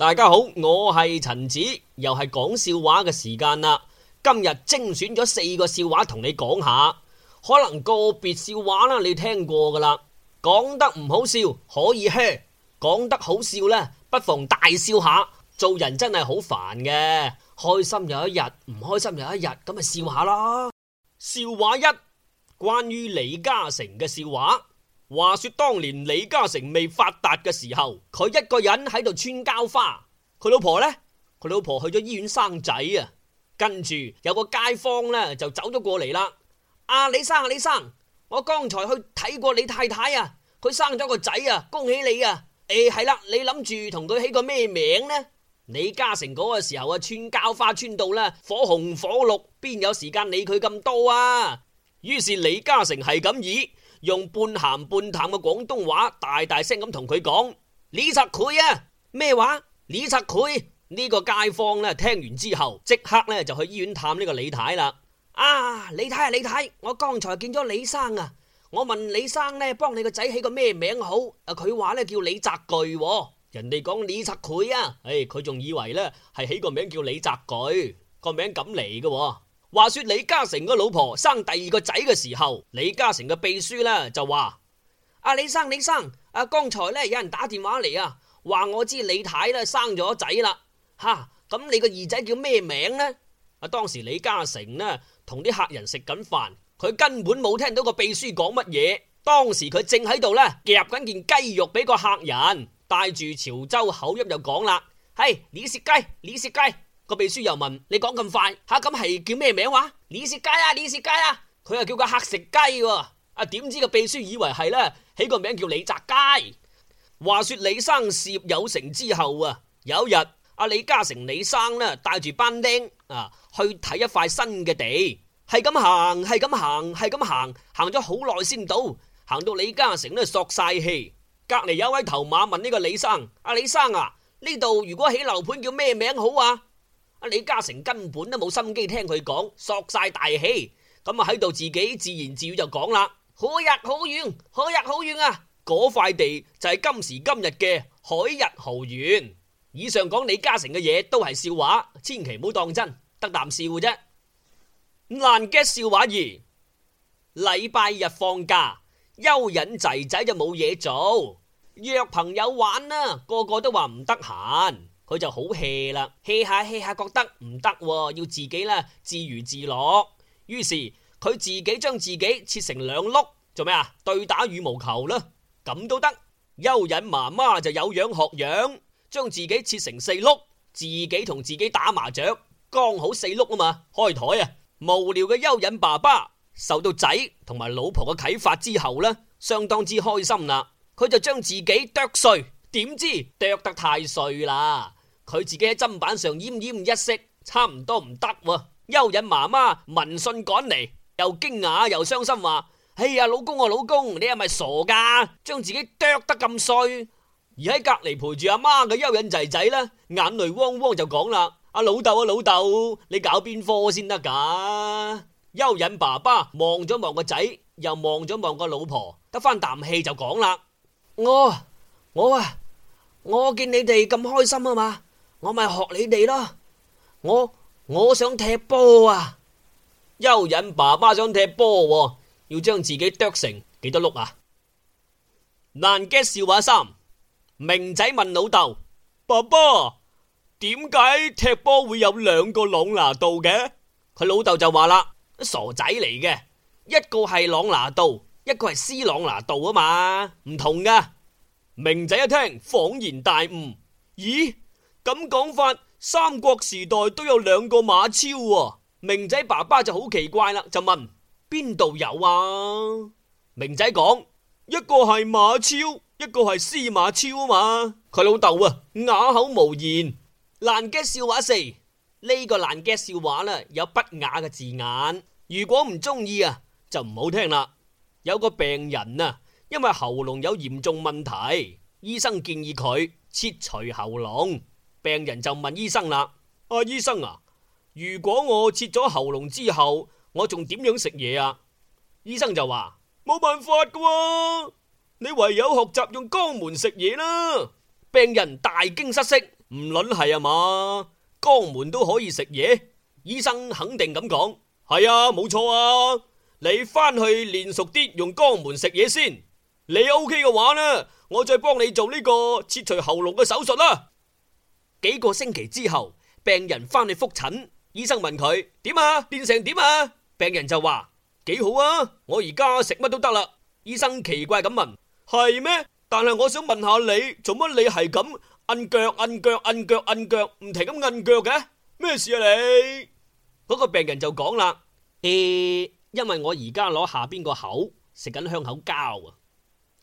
大家好，我係陳子，又係講笑話嘅時間啦。今日精選咗四個笑話同你講下，可能個別笑話啦，你聽過噶啦。講得唔好笑可以噓，講得好笑呢，不妨大笑下。做人真係好煩嘅，開心有一日，唔開心有一日，咁咪笑下啦。笑話一，關於李嘉誠嘅笑話。話說當年李嘉誠未發達嘅時候，佢一個人喺度穿膠花，佢老婆呢？佢老婆去咗醫院生仔啊。跟住有個街坊呢就走咗過嚟啦，啊，李生啊，李生，我剛才去睇過你太太啊，佢生咗個仔啊，恭喜你啊！誒係啦，你諗住同佢起個咩名呢？李嘉誠嗰個時候啊，穿膠花穿到呢，火紅火綠，邊有時間理佢咁多啊？於是李嘉誠係咁以用半咸半淡嘅廣東話，大大聲咁同佢講：李澤佢啊。咩話？李澤佢？呢個街坊咧，聽完之後即刻咧就去醫院探呢個李太啦。啊，李太啊，李太，我剛才見咗李生啊，我問李生咧，幫你個仔起個咩名好？啊，佢話咧叫李澤钜、啊，人哋講李澤佢啊，誒、哎，佢仲以為咧係起個名叫李澤钜，個名咁嚟嘅。話說李嘉誠個老婆生第二個仔嘅時候，李嘉誠嘅秘書呢就話：阿李生，李生，阿剛才呢有人打電話嚟啊，話我，我知李太呢生咗仔啦。吓，咁你個二仔叫咩名呢？啊，當時李嘉誠呢同啲客人食緊飯，佢根本冇聽到個秘書講乜嘢。當時佢正喺度呢夾緊件雞肉俾個客人，帶住潮州口音就講啦：係李石雞，李石雞。李個秘書又問：你講咁快吓，咁係叫咩名話？李石雞啊，李石雞啊，佢又叫個黑食雞喎、啊。啊，點知個秘書以為係呢，起個名叫李澤雞。話說李生事業有成之後啊，有一日阿李嘉誠李生呢帶住班丁啊去睇一塊新嘅地，係咁行，係咁行，係咁行，行，行，行咗好耐先到。行到李嘉誠呢，索晒氣。隔籬有一位頭馬問呢個李生：阿、啊、李生啊，呢度如果起樓盤叫咩名好啊？阿李嘉誠根本都冇心機聽佢講，索晒大氣，咁啊喺度自己自言自語就講啦：好日好遠，好日好遠啊！嗰塊地就係今時今日嘅海逸豪園。以上講李嘉誠嘅嘢都係笑話，千祈唔好當真，得啖笑啫。爛嘅笑話二：禮拜日放假，休忍仔仔就冇嘢做，約朋友玩啦，個個都話唔得閒。佢就好 hea 啦 hea 下 hea 下覺得唔得，要自己啦自娛自樂。於是佢自己將自己切成兩碌，做咩啊？對打羽毛球啦，咁都得。蚯蚓媽媽就有樣學樣，將自己切成四碌，自己同自己打麻雀，剛好四碌啊嘛，開台啊。無聊嘅蚯蚓爸爸受到仔同埋老婆嘅啟發之後呢，相當之開心啦。佢就將自己剁碎，點知剁得太碎啦。佢自己喺砧板上奄奄一息，差唔多唔得啊。蚯蚓媽媽聞訊趕嚟，又驚訝又傷心，話：哎呀，老公啊，老公，你係咪傻噶？將自己剁得咁碎。而喺隔籬陪住阿媽嘅蚯蚓仔仔呢，眼淚汪汪就講啦：阿老豆啊，老豆啊，你搞邊科先得噶？蚯蚓爸爸望咗望個仔，又望咗望個老婆，得翻啖氣就講啦：我，我啊，我見你哋咁開心啊嘛！我咪學你哋咯，我我想踢波啊！蚯蚓爸爸想踢波啊，要將自己剁成幾多碌啊？難嘅笑話三，明仔問老豆：爸爸點解踢波會有兩個朗拿度嘅？佢老豆就話啦：傻仔嚟嘅，一個係朗拿度，一個係 C 朗拿度啊嘛，唔同噶。明仔一聽恍然大悟，咦？咁講法，三國時代都有兩個馬超哦。明仔爸爸就好奇怪啦，就問邊度有啊？明仔講，一個係馬超，一個係司馬超啊嘛。佢老豆啊啞口無言。爛嘅笑話四，呢個爛嘅笑話呢，有不雅嘅字眼，如果唔中意啊，就唔好聽啦。有個病人啊，因為喉嚨有嚴重問題，醫生建議佢切除喉嚨。病人就問醫生啦：阿、啊、醫生啊，如果我切咗喉嚨之後，我仲點樣食嘢啊？醫生就話：冇辦法噶、啊，你唯有學習用肛門食嘢啦。病人大驚失色，唔論係啊嘛，肛門都可以食嘢？醫生肯定咁講：係啊，冇錯啊，你翻去練熟啲用肛門食嘢先。你 O K 嘅話呢，我再幫你做呢個切除喉嚨嘅手術啦。幾個星期之後，病人翻去復診，醫生問佢點啊？變成點啊？病人就話幾好啊，我而家食乜都得啦。醫生奇怪咁問係咩？但係我想問下你做乜你係咁摁腳、摁腳、摁腳、摁腳，唔停咁摁腳嘅咩事啊你？你嗰個病人就講啦，誒、嗯，因為我而家攞下邊個口食緊香口膠啊。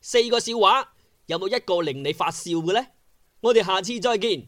四個笑話有冇一個令你發笑嘅呢？我哋下次再見。